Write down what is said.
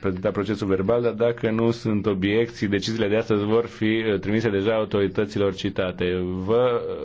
prezenta procesul verbal, dar dacă nu sunt obiecții, deciziile de astăzi vor fi uh, trimise deja autorităților citate. Vă